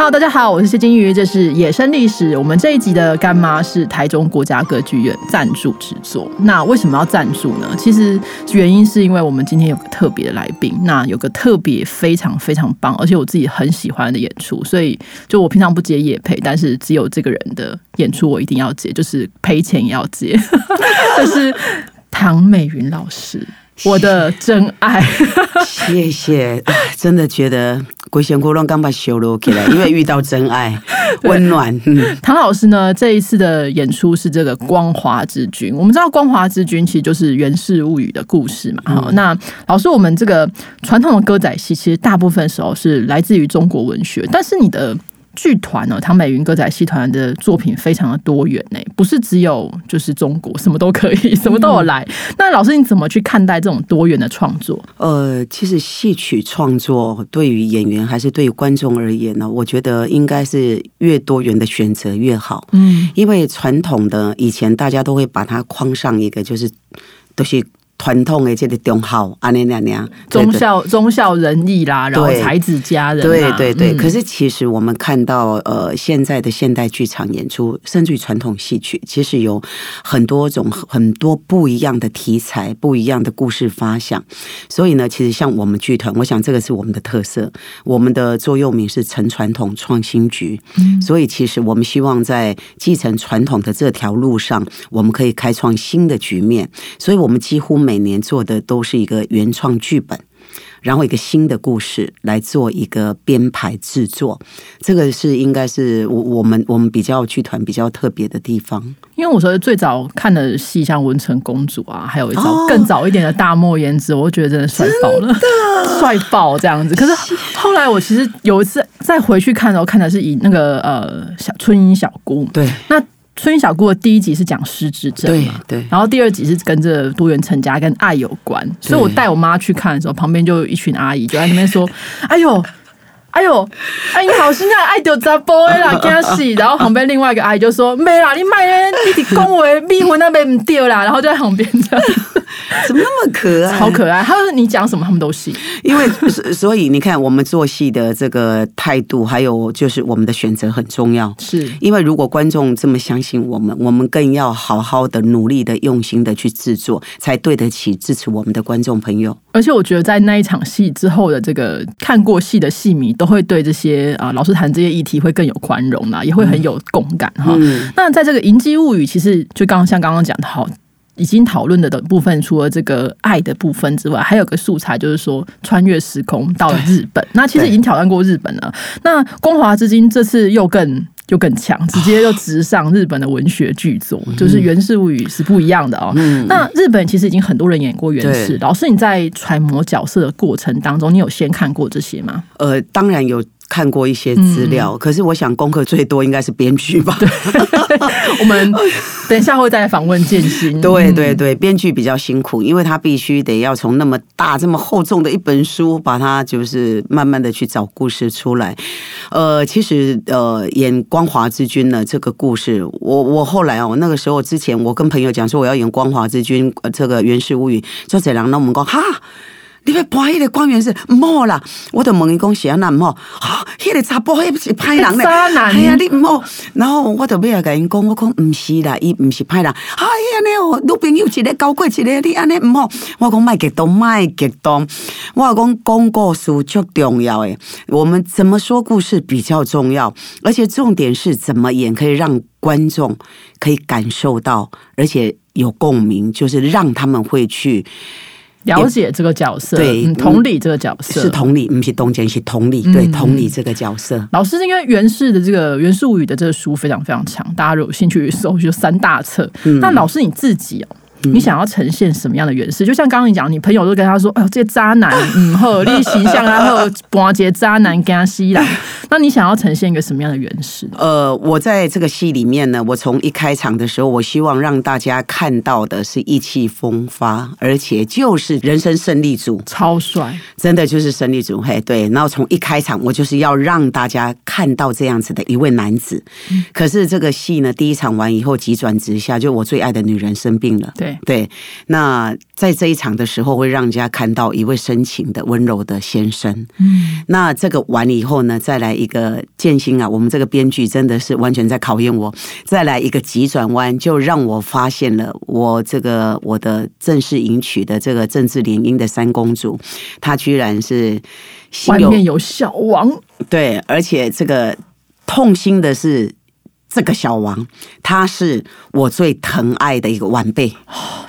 哈嘍大家好，我是謝金魚，這是《野生歷史》。我們這一集的乾媽是台中國家歌劇院贊助制作。那為什麼要贊助呢？其實原因是因為我們今天有個特別的來賓，那有個特別非常非常棒，而且我自己很喜歡的演出。所以，就我平常不接業配，但是只有這個人的演出我一定要接，就是賠錢也要接。這 是唐美雲老師。我的真愛，謝謝， 謝，謝、啊，真的覺得鬼仙窟亂剛把修羅起來了，因為遇到真愛溫 暖。嗯、唐老師呢，這一次的演出是這個《光華之君》，我們知道《光華之君》其實就是《源氏物語》的故事嘛。好，嗯、那老師，我們這個傳統的歌仔戲其實大部分時候是來自於中國文學，但是你的。劇團哦，唐美雲歌仔戲團的作品非常的多元呢，不是只有就是中國，什麼都可以，什麼都有來。那老師你怎麼去看待這種多元的創作？呃，其實戲曲創作對於演員還是對於觀眾而言呢，我覺得應該是越多元的選擇越好。嗯，因為傳統的以前大家都會把它框上一個，就是都是。傳統的這類忠孝，這樣樣，對對，孝、忠孝、孝仁義啦，然後才子佳人對，對對對。嗯、可是其實我們看到，呃，現在的現代劇場演出，甚至於傳統戲曲，其實有很多種很多不一樣的題材、不一樣的故事發想。所以呢，其實像我們劇團，我想這個是我們的特色，我們的座右銘是“承傳統，創新局”嗯。所以其實我們希望在繼承傳統的這條路上，我們可以開創新的局面。所以，我們幾乎每年做的都是一個原創劇本，然後一個新的故事來做一個編排制作，這個是應該是我我們我們比較劇團比較特別的地方。因為我說最早看的戲像《文成公主》啊，還有一張更早一點的《大漠胭脂》，oh, 我覺得真的帥爆了，的帥爆這樣子。可是後來我其實有一次再回去看的時候，看的是以那個呃小春英小姑對那。春小姑的第一集是講失智症嘛，對，對，然後第二集是跟這多元成家跟愛有關，對所以我帶我媽去看的時候，旁邊就有一群阿姨就在那邊說：“ 哎呦。”哎呦，阿、哎、姨好，現在愛丟雜波啦，加戲。哦哦哦、然後旁邊另外一個阿姨就說：“妹啦，你賣嘞，你得恭維，離婚那邊唔掉啦。”然後就在旁邊這樣，怎麼那麼可愛，好可愛！他說：“你講什麼，他們都信。”因為所以你看，我們做戲的這個態度，還有就是我們的選擇很重要。是因為如果觀眾這麼相信我們，我們更要好好的、努力的、用心的去制作，才對得起支持我們的觀眾朋友。而且我覺得，在那一場戲之後的這個看過戲的戲迷，都會對這些啊老師談這些議題會更有寬容啦、啊，也會很有共感哈。嗯嗯、那在這個《源氏物語》其實就剛像剛剛講的好，已經討論的部分，除了這個愛的部分之外，還有個素材就是說穿越時空到了日本。對那其實已經挑戰過日本了。那光華之君這次又更。就更強，直接就直上日本的文學巨作，啊，就是《源氏物語》是不一樣的哦。嗯，那日本其實已經很多人演過原始《源氏》，老師你在揣摩角色的過程當中，你有先看過這些嗎？呃，當然有。看過一些資料，嗯、可是我想功課最多應該是編劇吧。我們等一下會再訪問建新。對對對，編劇、嗯、比較辛苦，因為他必須得要從那麼大、這麼厚重的一本書，把它就是慢慢的去找故事出來。呃，其實呃演光華之君的這個故事，我我後來哦，那個時候之前我跟朋友講說我要演光華之君，呃、這個源氏物語就這樣，那我們講哈。你要判迄個光源氏唔好啦，我就問伊講誰難唔好？哈，迄、哦那個查甫，迄不是歹人嘞，係啊、哎，你唔好。然後我就尾下甲因講，我講唔是啦，伊唔是歹人。嗨、啊，伊安尼女朋友一個高貴，一個你安尼唔好。沒，我講賣激動，賣激動。我講講故事最重要誒，我們怎麼說故事比較重要？而且重點是怎麼演，可以讓觀眾可以感受到，而且有共鳴，就是讓他們會去。了解這個角色，yeah, 嗯、對，同理這個角色是同理，不是同情是同理，嗯、對，同理這個角色。老師，應該源氏的這個源氏物語的這個書非常非常強，大家如果有興趣搜就三大冊。那、嗯、老師你自己哦、喔。你想要呈現什麼樣的源氏？嗯、就像剛剛你講，你朋友都跟他說：“呦、哦，這渣男！嗯， 惡劣形象啊，還有端午渣男跟他吸啦。那你想要呈現一個什麼樣的源氏？呃，我在這個戲裡面呢，我從一開場的時候，我希望讓大家看到的是意氣風發，而且就是人生勝利組，超帥帥，真的就是勝利組。嘿，對。然後從一開場，我就是要讓大家看到這樣子的一位男子。嗯、可是這個戲呢，第一場完以後急轉直下，就我最愛的女人生病了。對。對,對，那在這一場的時候，會讓人家看到一位深情的、溫柔的先生。嗯，那這個完了以後呢，再來一個劍心啊！我們這個編劇真的是完全在考驗我，再來一個急轉彎，就讓我發現了我這個我的正式迎娶的這個政治聯姻的三公主，她居然是心外面有小王。對，而且這個痛心的是。這個小王，他是我最疼愛的一個晚輩。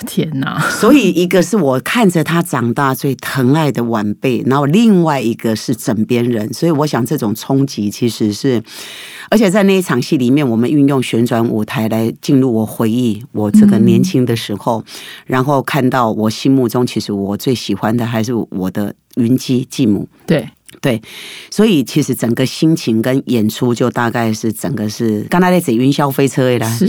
天哪！所以一個是我看着他長大最疼愛的晚輩，然後另外一個是枕邊人。所以我想這種衝擊其實是，而且在那一場戲裡面，我們運用旋轉舞台來進入我回憶我這個年輕的時候，嗯、然後看到我心目中其實我最喜歡的還是我的雲姬繼母。對。對，所以其實整個心情跟演出就大概是整個是，剛才那只雲霄飛車也啦，是。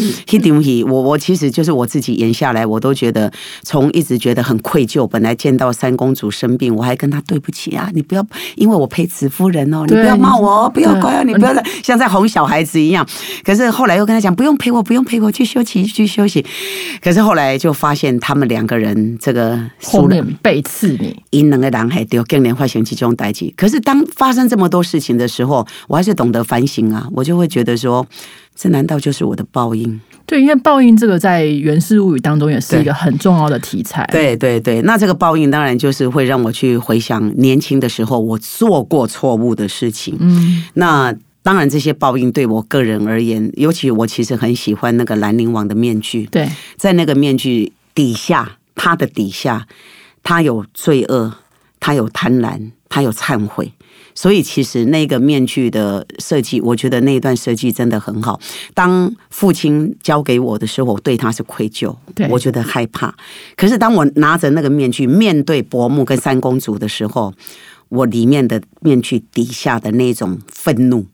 我我其實就是我自己演下來，我都覺得從一直覺得很愧疚。本來見到三公主生病，我還跟她對不起啊，你不要因為我陪紫夫人哦，你不要罵我，不要怪我，你不要再像在哄小孩子一樣。可是後來又跟她講不用陪我，不用陪我去休息去休息。可是後來就發現他們兩個人這個熟人後面背刺你，因冷的男孩丟更年化險之中帶起，可是。是當發生這麼多事情的時候，我還是懂得反省啊。我就會覺得說，這難道就是我的報應？對，因為報應這個在《源氏物語》當中也是一個很重要的題材。對。對對對，那這個報應當然就是會讓我去回想年輕的時候我做過錯誤的事情。嗯，那當然這些報應對我個人而言，尤其我其實很喜歡那個蘭陵王的面具。對，在那個面具底下，他的底下，他有罪惡，他有貪婪。他有懺悔，所以其實那個面具的設計，我覺得那一段設計真的很好。當父親交給我的時候，我對他是愧疚，對我覺得害怕。可是當我拿着那個面具面對柏木跟三公主的時候，我裡面的面具底下的那種憤怒，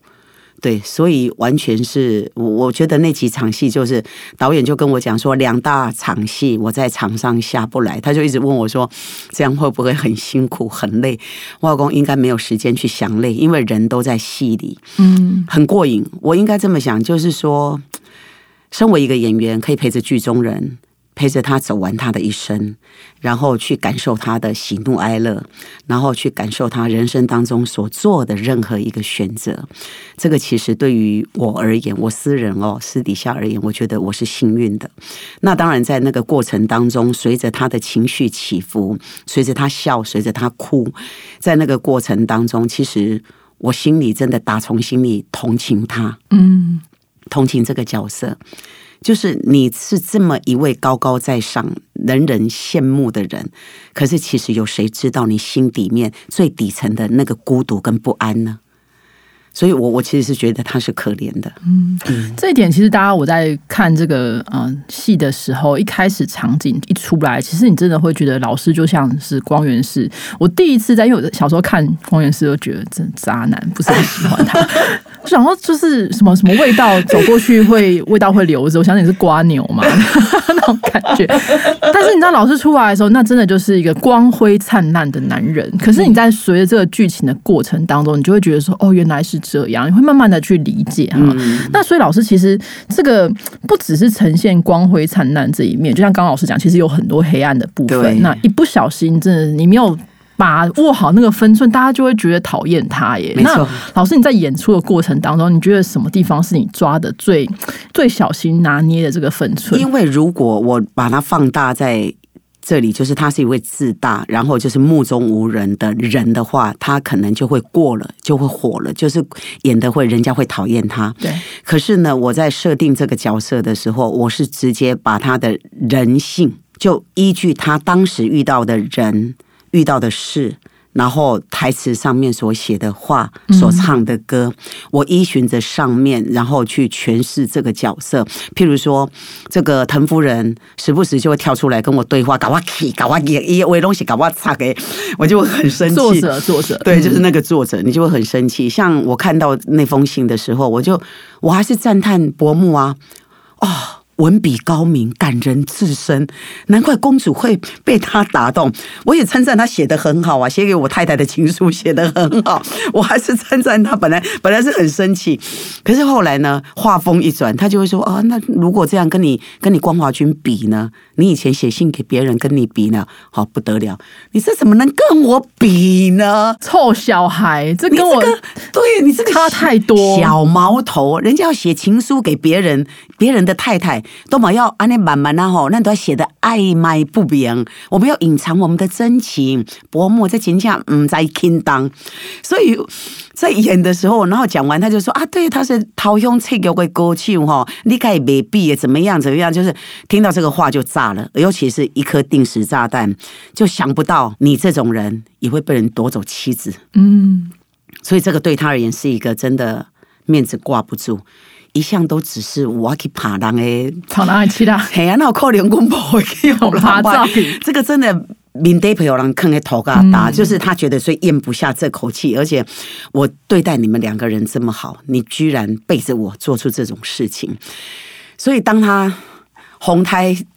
對，所以完全是，我我覺得那幾場戲就是導演就跟我講說，兩大場戲我在場上下不來，他就一直問我說，這樣會不會很辛苦、很累？外公應該沒有時間去想累，因為人都在戲裡，嗯，很過癮。我應該這麼想，就是說，身為一個演員，可以陪着劇中人。陪着他走完他的一生，然後去感受他的喜怒哀樂，然後去感受他人生當中所做的任何一個選擇。這個其實對於我而言，我私人哦，私底下而言，我覺得我是幸運的。那當然，在那個過程當中，隨着他的情緒起伏，隨着他笑，隨着他哭，在那個過程當中，其實我心裡真的打從心裡同情他，嗯，同情這個角色。就是你是這麼一位高高在上、人人羨慕的人，可是其實有誰知道你心底面最底層的那個孤獨跟不安呢？所以我，我我其實是覺得他是可憐的。嗯，這一點其實大家我在看這個嗯、呃、戲的時候，一開始場景一出來，其實你真的會覺得老師就像是光源氏。我第一次在因為我小時候看光源氏，就覺得真渣男，不是很喜歡他。 然後就是什麼什麼味道，走過去會味道會流着我想你是蝸牛嘛，那種感覺。但是你知道老師出來的時候，那真的就是一個光輝燦爛的男人。可是你在隨着這個劇情的過程當中，你就會覺得說，哦，原來是這樣，你會慢慢的去理解哈。嗯、那所以老師其實這個不只是呈現光輝燦爛這一面，就像剛老師講，其實有很多黑暗的部分。對那一不小心，真的你沒有。把握好那個分寸，大家就會覺得討厭他耶。沒錯，那老師，你在演出的過程當中，你覺得什麼地方是你抓的最最小心拿捏的這個分寸？因為如果我把它放大在這裡，就是他是一位自大，然後就是目中無人的人的話，他可能就會過了，就會火了，就是演得會，人家會討厭他。對。可是呢，我在設定這個角色的時候，我是直接把他的人性，就依據他當時遇到的人。遇到的事，然後台詞上面所寫的話，所唱的歌，嗯、我依循着上面，然後去詮釋這個角色。譬如說，這個藤夫人時不時就會跳出來跟我對話，搞我氣，搞我氣，一為東西搞我擦的，我就會很生氣。作者，作者，對，就是那個作者，你就會很生氣。像我看到那封信的時候，我就我還是讚嘆伯母啊，哦。文筆高明，感人至深，難怪公主會被他打動。我也稱讚他寫得很好啊，寫給我太太的情書寫得很好。我還是稱讚他，本來本來是很生氣，可是後來呢，話鋒一轉，他就會說啊、哦，那如果這樣跟你跟你光華君比呢？你以前寫信給別人，跟你比呢？好不得了，你這怎麼能跟我比呢？臭小孩，這跟我跟對，你這個差太多，小毛頭，人家要寫情書給別人，別人的太太。都沒有安尼滿滿啊吼，那都是寫的曖昧不明。我們要隱藏我們的真情，伯母真不在真正唔在聽當。所以在演的時候，然後講完，他就說啊，對，他是掏胸切腳的歌曲哈，你該未必怎麼樣怎麼樣，就是聽到這個話就炸了，尤其是一顆定時炸彈，就想不到你這種人也會被人奪走妻子。嗯，所以這個對他而言是一個真的面子掛不住。一向都只是我去去的，的？哎呀，那可憐公婆，我這個真的面對朋友人啃個頭疙瘩，嗯、就是他覺得所以咽不下這口氣，而且我對待你們兩個人這麼好，你居然背着我做出這種事情，所以當他紅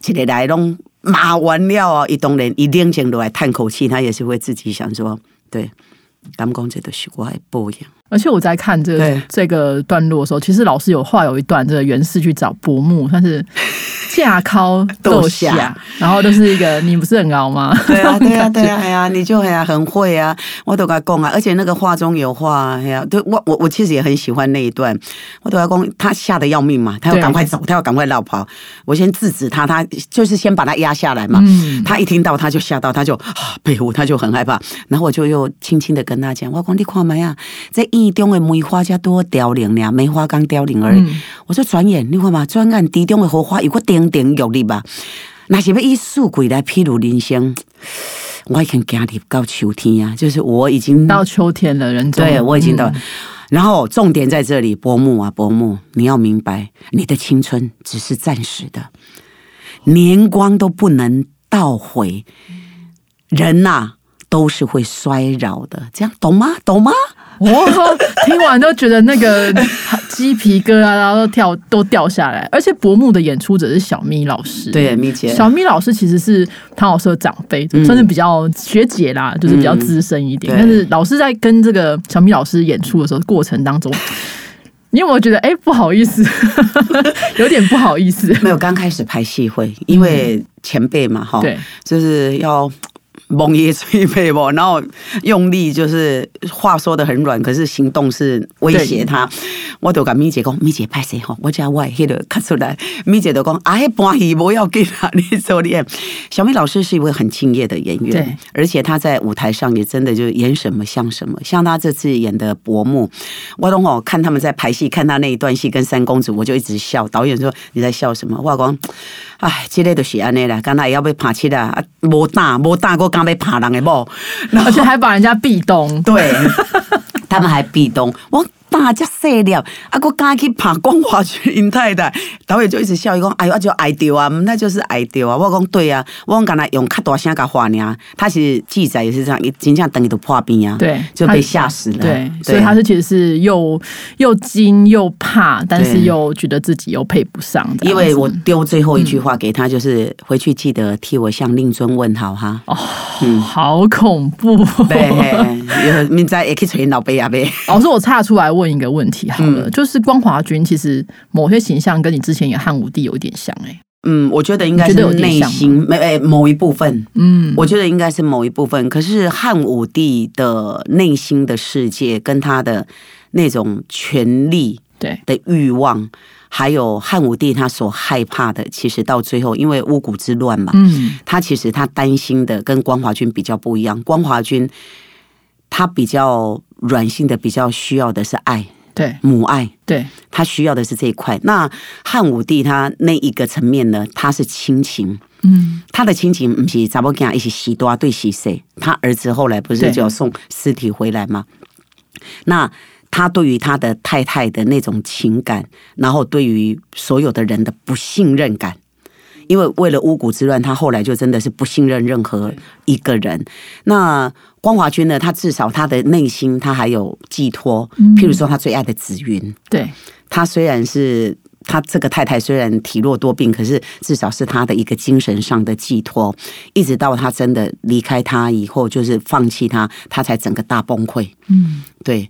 起來來弄罵完了一人一冷靜來嘆口氣，他也是會自己想說，對，而且我在看這這個段落的時候，對其實老師有話有一段，這個源氏去找伯母，他是駕考豆下，下，然後就是一個你不是很熬嗎？對啊，對啊，對啊，你就很會啊！我都跟公啊，而且那個話中有話，呀，對、啊、我我我其實也很喜歡那一段。我都跟公，他嚇得要命嘛，他要趕快走，對他要趕快落跑。我先制止他，他就是先把他壓下來嘛。嗯、他一聽到他就嚇到，他就啊，被、哦、我他就很害怕。然後我就又輕輕的跟他講，我說你看嘛啊。一。地中的梅花才多凋零呢，梅花剛凋零而已。嗯、我說轉眼，你看嘛，轉眼地中的荷花有個亭亭玉立吧。那是要一束鬼來披露林香，我已經經歷到秋天呀。就是我已經到秋天了，人對，嗯、我已經到。然後重點在這裡，伯母啊，伯母，你要明白，你的青春只是暫時的，年光都不能倒回。人吶、啊，都是會衰老的，這樣懂嗎？懂嗎？我 聽完都覺得那個雞皮疙瘩、啊，都跳都掉下來。而且柏木的演出者是小咪老師，對，小咪老師其實是唐老師的長輩，嗯、算是比較學姐啦，就是比較資深一點。嗯、但是老師在跟這個小咪老師演出的時候，嗯、過程當中，你有沒有覺得哎、欸，不好意思， 有點不好意思？沒有，剛開始拍戲會，因為前輩嘛，哈、嗯，對，就是要。蒙也吹被不，然後用力就是話說得很軟，可是行動是威脅他。對我都跟咪姐講，咪姐拍派誰？我叫外黑的看出來。咪姐都講，啊，搬戲我要他。」你所你。小咪老師是一位很敬業的演員，對而且他在舞台上也真的就演什麼像什麼，像他這次演的柏木，我剛好看他們在拍戲，看他那一段戲跟三公主，我就一直笑。導演說你在笑什麼？我講，唉，這個就是安尼啦，剛才也要被拍起、這、啦、個，啊，無膽無膽，我講。被扒人誒，不，然後就還把人家壁咚，對， 他們還壁咚我。大只死了，啊！我家去爬講話去，您太太導演就一直笑，一講，哎呦，我就哀掉啊，那就是哀掉啊。我講對啊，我講幹來用卡多聲個話呢，他是記載也是這樣，緊張等伊都破病啊，對就被嚇死了。他對，所以他是其實是又、啊、又驚又怕，但是又覺得自己又配不上。因為我丟最後一句話給他，嗯、就是回去記得替我向令尊問好哈。哦、嗯、好恐怖。對，你在也可以傳老啊唄。老師、哦、我岔出來。 問一個問題好了，嗯、就是光華君其實某些形象跟你之前演漢武帝有點像哎、欸，嗯，我覺得應該是內心有沒哎某一部分，嗯，我覺得應該是某一部分。可是漢武帝的內心的世界跟他的那種權力對的欲望，對還有漢武帝他所害怕的，其實到最後因為巫蠱之亂嘛，嗯，他其實他擔心的跟光華君比較不一樣，光華君他比較。軟性的比較需要的是愛，對母愛，對他需要的是這一塊。那漢武帝他那一個層面呢，他是親情，嗯，他的親情不是咱們講一起洗多對洗誰？他兒子後來不是就要送屍體回來嗎？對那他對於他的太太的那種情感，然後對於所有的人的不信任感。因為為了巫蠱之亂，他後來就真的是不信任任何一個人。那光華君呢？他至少他的內心他還有寄托，譬如說他最愛的紫雲，嗯。對，他雖然是他這個太太雖然體弱多病，可是至少是他的一個精神上的寄托。一直到他真的離開他以後，就是放棄他，他才整個大崩潰。嗯，對。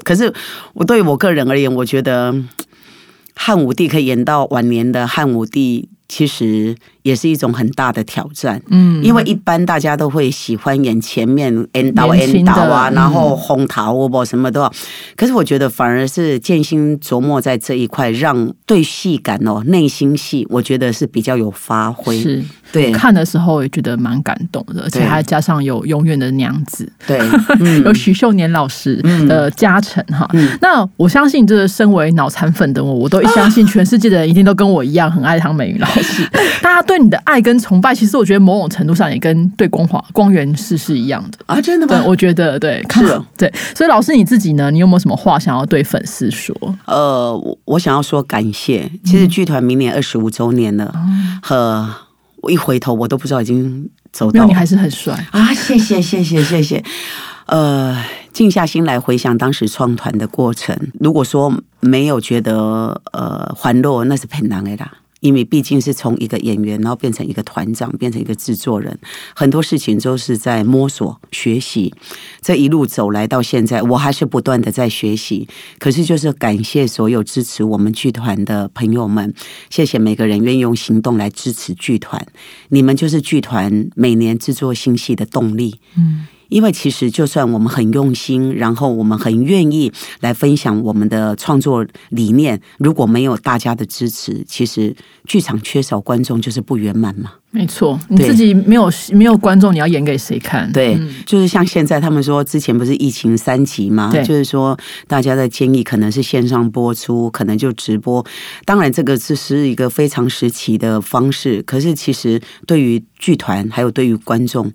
可是，我對我個人而言，我覺得漢武帝可以演到晚年的漢武帝，其實。也是一種很大的挑戰，嗯，因為一般大家都會喜歡演前面演到演到，啊，然後紅桃啵什麼的，可是我覺得反而是建新琢磨在這一塊，讓對戲感哦，內心戲，我覺得是比較有發揮，是，對，看的時候也覺得蠻感動的，而且還加上有永遠的娘子，對，有許秀年老師的加成哈，那我相信，就是身為腦殘粉的我，我都相信全世界的人一定都跟我一樣很愛唐美雲老師，大家對。那你的愛跟崇拜，其實我覺得某種程度上也跟對光華光源氏是一樣的啊！真的嗎？對我覺得對，是的，對。所以老師你自己呢？你有沒有什麼話想要對粉絲說？呃，我想要說感謝。其實劇團明年二十五周年了，和我、嗯、一回頭，我都不知道已經走到。你還是很帥啊！謝謝，謝謝，謝謝。 呃，靜下心來回想當時創團的過程，如果說沒有覺得呃環絡那是很難的啦。因為畢竟是從一個演員，然後變成一個團長，變成一個制作人，很多事情都是在摸索、學習。這一路走來到現在，我還是不斷的在學習。可是就是感謝所有支持我們劇團的朋友們，謝謝每個人願意用行動來支持劇團，你們就是劇團每年制作新戲的動力。嗯。因為其實就算我們很用心，然後我們很願意來分享我們的創作理念，如果沒有大家的支持，其實劇場缺少觀眾就是不圓滿嘛。沒錯，你自己沒有對沒有觀眾，你要演給誰看？對，就是像現在他們說，之前不是疫情三級嘛，對就是說大家的建議可能是線上播出，可能就直播。當然，這個只是一個非常時期的方式，可是其實對於劇團還有對於觀眾。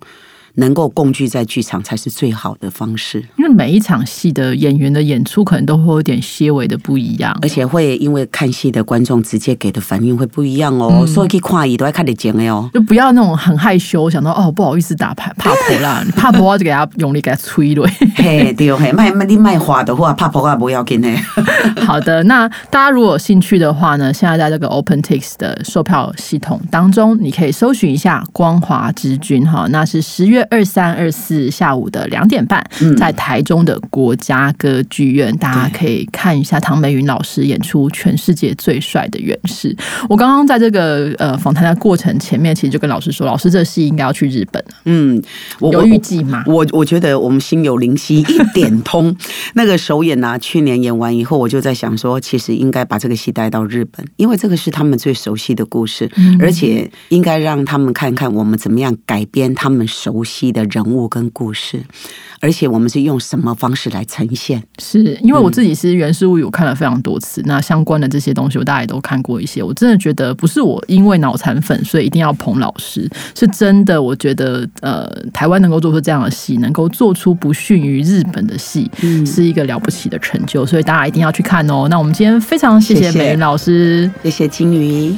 能夠共聚在劇場才是最好的方式，因為每一場戲的演員的演出可能都會有點些微的不一樣，而且會因為看戲的觀眾直接給的反應會不一樣哦，嗯、所以以看伊都要看得見哎哦，就不要那種很害羞，想到哦不好意思打牌怕婆啦，怕婆 就給他用力給他催落，嘿 對嘿，賣賣你賣花的話怕婆啊不要緊嘿。 好的，那大家如果有興趣的話呢，現在在這個 OpenTix 的售票系統當中，你可以搜尋一下《光華之君》哈，那是十月。二三二四下午的兩點半，在台中的國家歌劇院，嗯、大家可以看一下唐美雲老師演出《全世界最帥的源氏》。我剛剛在這個呃訪談的過程前面，其實就跟老師說，老師這戲、個，應該要去日本。嗯，我有預計嗎，我我覺得我們心有靈犀一點通。 那個首演啊，去年演完以後，我就在想說，其實應該把這個戲帶到日本，因為這個是他們最熟悉的故事，嗯、而且應該讓他們看看我們怎麼樣改編他們熟。戲的人物跟故事，而且我們是用什麼方式來呈現？是因為我自己是《源氏物語》，我看了非常多次，那相關的這些東西，我大概都看過一些。我真的覺得不是我因為腦殘粉，所以一定要捧老師，是真的。我覺得呃，台灣能夠做出這樣的戲，能夠做出不遜於日本的戲，嗯、是一個了不起的成就，所以大家一定要去看哦。那我們今天非常謝謝美雲老師，謝謝，謝謝金魚。